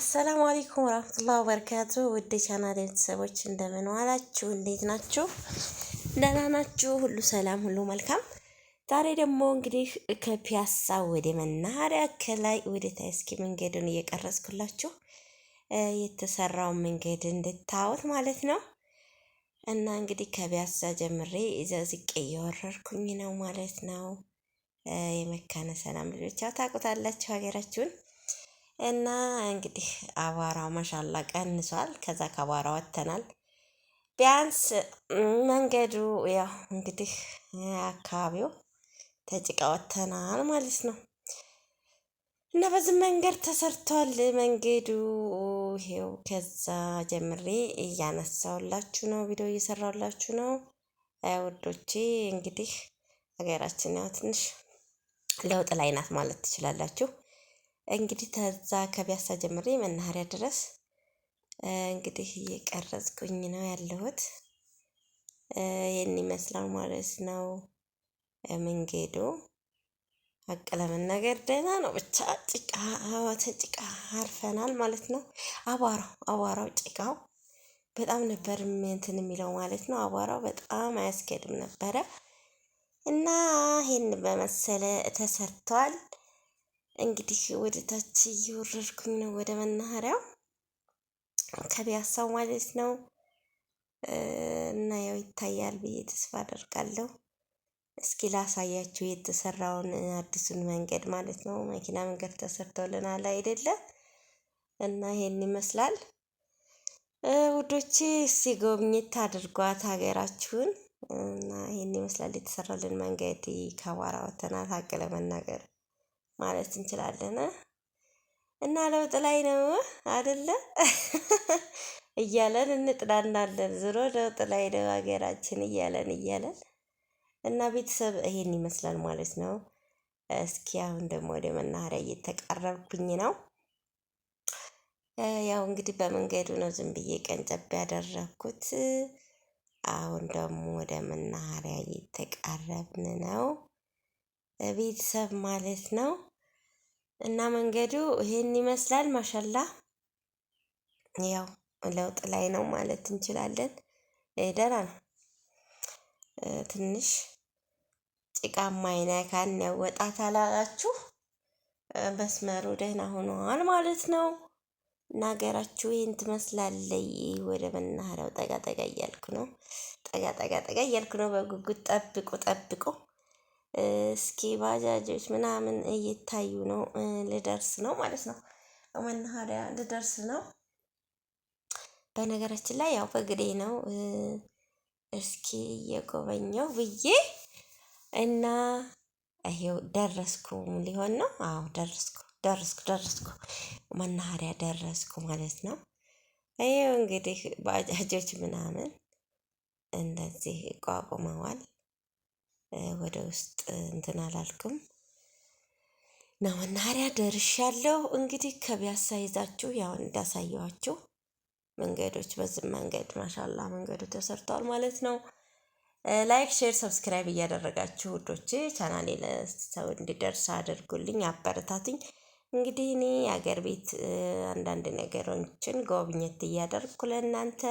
አሰላሙ አለይኩም ወራህመቱላሂ ወበረካቱ ውድ ቻናል ቤተሰቦች እንደምን ዋላችሁ? እንዴት ናችሁ? ደህና ናችሁ? ሁሉ ሰላም፣ ሁሉ መልካም። ዛሬ ደግሞ እንግዲህ ከፒያሳ ወደ መናኸሪያ ከላይ ወደ ታች መንገዱን እየቀረጽኩላችሁ የተሰራውን መንገድ እንድታዩት ማለት ነው። እና እንግዲህ ከፒያሳ ጀምሬ ዘዝቄ እየወረርኩኝ ነው ማለት ነው። የመካነ ሰላም ልጆች ታውቁታላችሁ ሀገራችሁን እና እንግዲህ አቧራው ማሻላ ቀንሷል። ከዛ ከአቧራ ወጥተናል። ቢያንስ መንገዱ ያው እንግዲህ አካባቢው ተጭቃ ወጥተናል ማለት ነው። እና በዚህ መንገድ ተሰርቷል መንገዱ ይሄው። ከዛ ጀምሬ እያነሳውላችሁ ነው፣ ቪዲዮ እየሰራውላችሁ ነው ውዶቼ። እንግዲህ ሀገራችን ያው ትንሽ ለውጥ ላይ ናት ማለት ትችላላችሁ። እንግዲህ ተዛ ከቢያሳ ጀምሬ መናኸሪያ ድረስ እንግዲህ እየቀረጽኩኝ ነው ያለሁት። ይህን ይመስላል ማለት ነው መንገዱ። ሀቅ ለመናገር ደህና ነው፣ ብቻ ጭቃ ጭቃ አርፈናል ማለት ነው። አቧራው አቧራው ጭቃው በጣም ነበር እንትን የሚለው ማለት ነው። አቧራው በጣም አያስኬድም ነበረ እና ይህን በመሰለ ተሰርቷል። እንግዲህ ወደ ታች እየወረድኩኝ ነው ወደ መናኸሪያው ከቢያሳው ማለት ነው። እና ያው ይታያል ብዬ ተስፋ አደርጋለሁ። እስኪ ላሳያችሁ የተሰራውን አዲሱን መንገድ ማለት ነው። መኪና መንገድ ተሰርተውልናል አይደለ? እና ይሄን ይመስላል ውዶቼ። እስኪ ጎብኝት አድርጓት ሀገራችሁን እና ይሄን ይመስላል የተሰራልን መንገድ ከቧራ ወተናል ሀቅ ለመናገር ማለት እንችላለን። እና ለውጥ ላይ ነው አይደለ እያለን እንጥዳናለን ዝሮ ለውጥ ላይ ነው ሀገራችን እያለን እያለን እና ቤተሰብ ይሄን ይመስላል ማለት ነው። እስኪ አሁን ደግሞ ወደ መናኸሪያ እየተቃረብኩኝ ነው። ያው እንግዲህ በመንገዱ ነው ዝም ብዬ ቀንጨብ ያደረግኩት። አሁን ደግሞ ወደ መናኸሪያ እየተቃረብን ነው ቤተሰብ ማለት ነው። እና መንገዱ ይሄን ይመስላል። ማሻላ ያው ለውጥ ላይ ነው ማለት እንችላለን። ደህና ነው። ትንሽ ጭቃማ አይነካን ያወጣት አላላችሁ መስመሩ ደህና ሆኗል ማለት ነው። እና ሀገራችሁ ይህን ትመስላለይ። ወደ መናኸሪያው ጠጋ ጠጋ እያልኩ ነው። ጠጋ ጠጋ ጠጋ እያልኩ ነው። በጉጉት ጠብቁ ጠብቁ። እስኪ ባጃጆች ምናምን እየታዩ ነው። ልደርስ ነው ማለት ነው። መናኸሪያ ልደርስ ነው። በነገራችን ላይ ያው በግዴ ነው እስኪ እየጎበኘው ብዬ እና ይሄው ደረስኩ። ሊሆን ነው። አዎ ደረስኩ፣ ደረስኩ፣ ደረስኩ። መናኸሪያ ደረስኩ ማለት ነው። ይሄው እንግዲህ ባጃጆች ምናምን እንደዚህ ቋቁመዋል። ወደ ውስጥ እንትን አላልኩም። እና መናኸሪያ ደርሻለሁ። እንግዲህ ከቢያሳ ይዛችሁ ያው እንዳሳየኋችሁ መንገዶች በዚህ መንገድ ማሻላ መንገዱ ተሰርተዋል ማለት ነው። ላይክ፣ ሼር፣ ሰብስክራይብ እያደረጋችሁ ውዶች ቻናሌ ለሰው እንዲደርስ አድርጉልኝ፣ አበረታትኝ። እንግዲህ እኔ አገር ቤት አንዳንድ ነገሮችን ጎብኘት እያደረግኩ ለእናንተ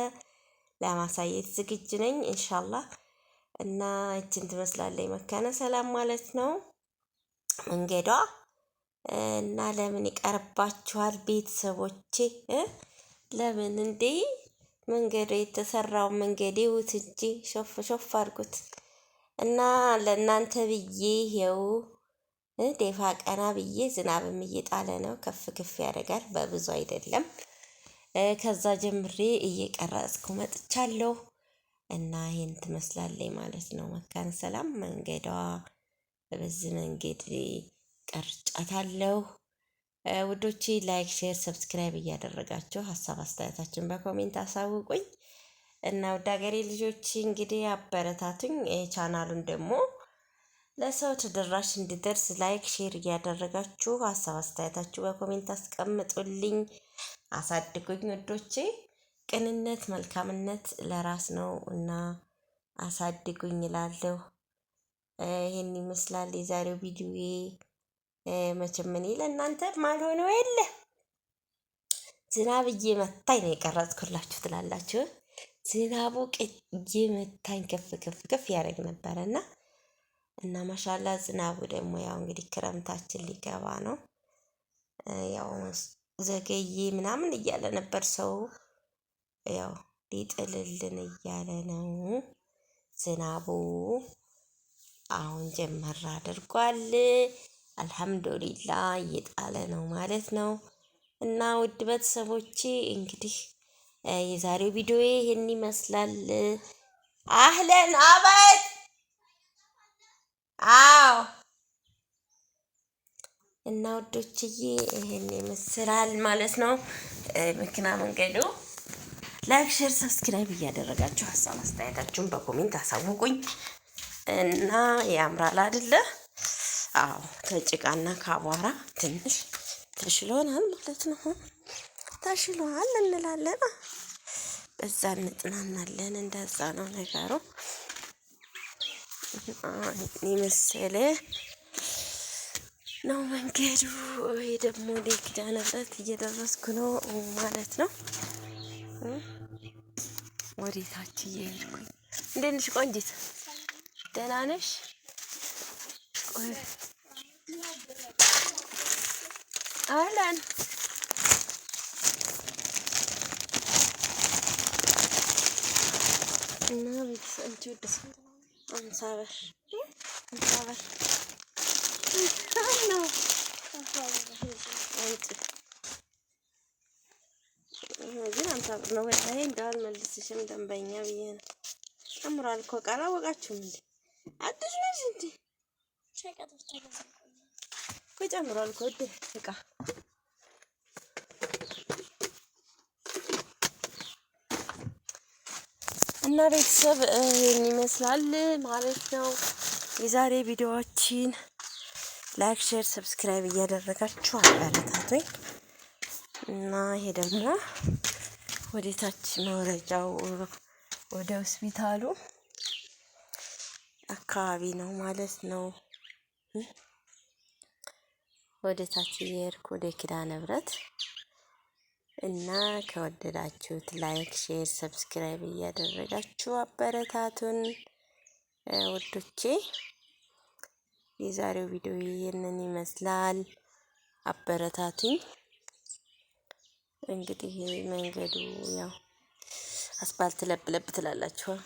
ለማሳየት ዝግጁ ነኝ። ኢንሻላህ እና እችን ትመስላለች መካነ ሰላም ማለት ነው መንገዷ። እና ለምን ይቀርባችኋል ቤተሰቦቼ? ለምን እንዴ መንገዱ የተሰራው መንገድ ይውት እንጂ ሾፍ ሾፍ አድርጉት እና ለእናንተ ብዬ ይኸው ደፋ ቀና ብዬ ዝናብም እየጣለ ነው። ከፍ ክፍ ያደርጋል። በብዙ አይደለም። ከዛ ጀምሬ እየቀረጽኩ መጥቻለሁ። እና ይህን ትመስላለች ማለት ነው። መካነ ሰላም መንገዷ በዚህ መንገድ ቀርጫታለሁ። ውዶቼ ላይክ፣ ሼር፣ ሰብስክራይብ እያደረጋችሁ ሀሳብ አስተያየታችሁን በኮሜንት አሳውቁኝ እና ውድ ሀገሬ ልጆች እንግዲህ አበረታቱኝ። ቻናሉን ደግሞ ለሰው ተደራሽ እንዲደርስ ላይክ፣ ሼር እያደረጋችሁ ሀሳብ አስተያየታችሁ በኮሜንት አስቀምጡልኝ። አሳድጉኝ ውዶቼ። ቅንነት መልካምነት ለራስ ነው እና አሳድጉኝ እላለሁ። ይህን ይመስላል የዛሬው ቪዲዮ መቼም እኔ ለእናንተ ማልሆነው የለ ዝናብ እየመታኝ ነው የቀረጽኩላችሁ ትላላችሁ። ዝናቡ እየመታኝ ከፍ ከፍ ከፍ ያደረግ ነበረ እና እና ማሻላ ዝናቡ ደግሞ ያው እንግዲህ ክረምታችን ሊገባ ነው። ያው ዘገዬ ምናምን እያለ ነበር ሰው ያው ሊጥልልን እያለ ነው። ዝናቡ አሁን ጀመር አድርጓል። አልሐምዱሊላ እየጣለ ነው ማለት ነው። እና ውድ ቤተሰቦቼ እንግዲህ የዛሬው ቪዲዮ ይህን ይመስላል። አህለን አበት አዎ እና ውዶችዬ ይህን ይመስላል ማለት ነው መኪና መንገዱ ላይክ፣ ሼር፣ ሰብስክራይብ እያደረጋችሁ ሀሳብ አስተያየታችሁን በኮሜንት አሳውቁኝ እና ያምራል አይደለ? አዎ ከጭቃና ከአቧራ ትንሽ ተሽሎናል ማለት ነው። ተሽሎናል እንላለን፣ በዛ እንጥናናለን። እንደዛ ነው ነገሩ። እኔ መሰለ ነው መንገዱ። ወይ ደግሞ ኪዳነ ምሕረት እየደረስኩ ነው ማለት ነው። ወዴታች እየሄድኩኝ እንዴት ነሽ ቆንጂት? ደህና ነሽ? አለን እና ቤተሰብ እንትወደስ አንሳበር አንሳበር ነው ግን አምሳቅ ነው ወይ እንዳልመልስሽም ደንበኛ ብዬ ነው። ጨምሯል እኮ ቃል አወቃችሁም እንዴ? አዲስ ነሽ እንዴ? ጨምሯል እኮ እቃ እና ቤተሰብ ይህን ይመስላል ማለት ነው። የዛሬ ቪዲዮዎችን ላይክ፣ ሼር፣ ሰብስክራይብ እያደረጋችሁ አበረታቱኝ። እና ይሄ ደግሞ ወደታች መውረጃው ወደ ሆስፒታሉ አካባቢ ነው ማለት ነው። ወደታች የሄድኩ ወደ ኪዳነ ምሕረት እና ከወደዳችሁት ላይክ፣ ሼር፣ ሰብስክራይብ እያደረጋችሁ አበረታቱን ወዶቼ። የዛሬው ቪዲዮ ይህንን ይመስላል። አበረታቱኝ። እንግዲህ መንገዱ ያው አስፓልት ለብ ትላላችኋል።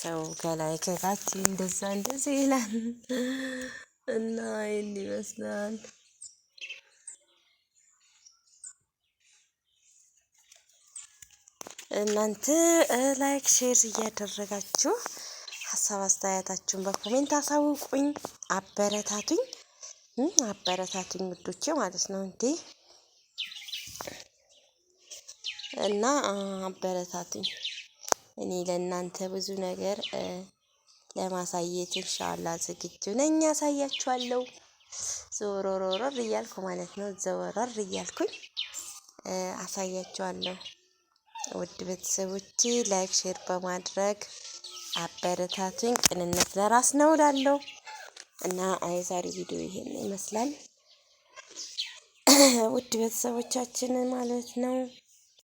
ሰው ከላይ ከታች እንደዛ እንደዚህ ይላል እና ይህን ይመስላል። እናንተ ላይክ ሼር እያደረጋችሁ ሀሳብ አስተያየታችሁን በኮሜንት አሳውቁኝ፣ አበረታቱኝ አበረታቱኝ ውዶቼ ማለት ነው እንዴ እና አበረታቱኝ። እኔ ለእናንተ ብዙ ነገር ለማሳየት እንሻላ ዝግጁ ነኝ፣ ያሳያችኋለሁ። ዞሮሮሮር እያልኩ ማለት ነው፣ ዘወረር እያልኩኝ አሳያችኋለሁ። ውድ ቤተሰቦች ላይክ፣ ሼር በማድረግ አበረታቱኝ። ቅንነት ለራስ ነው እላለሁ እና የዛሬ ቪዲዮ ይሄን ይመስላል ውድ ቤተሰቦቻችን ማለት ነው።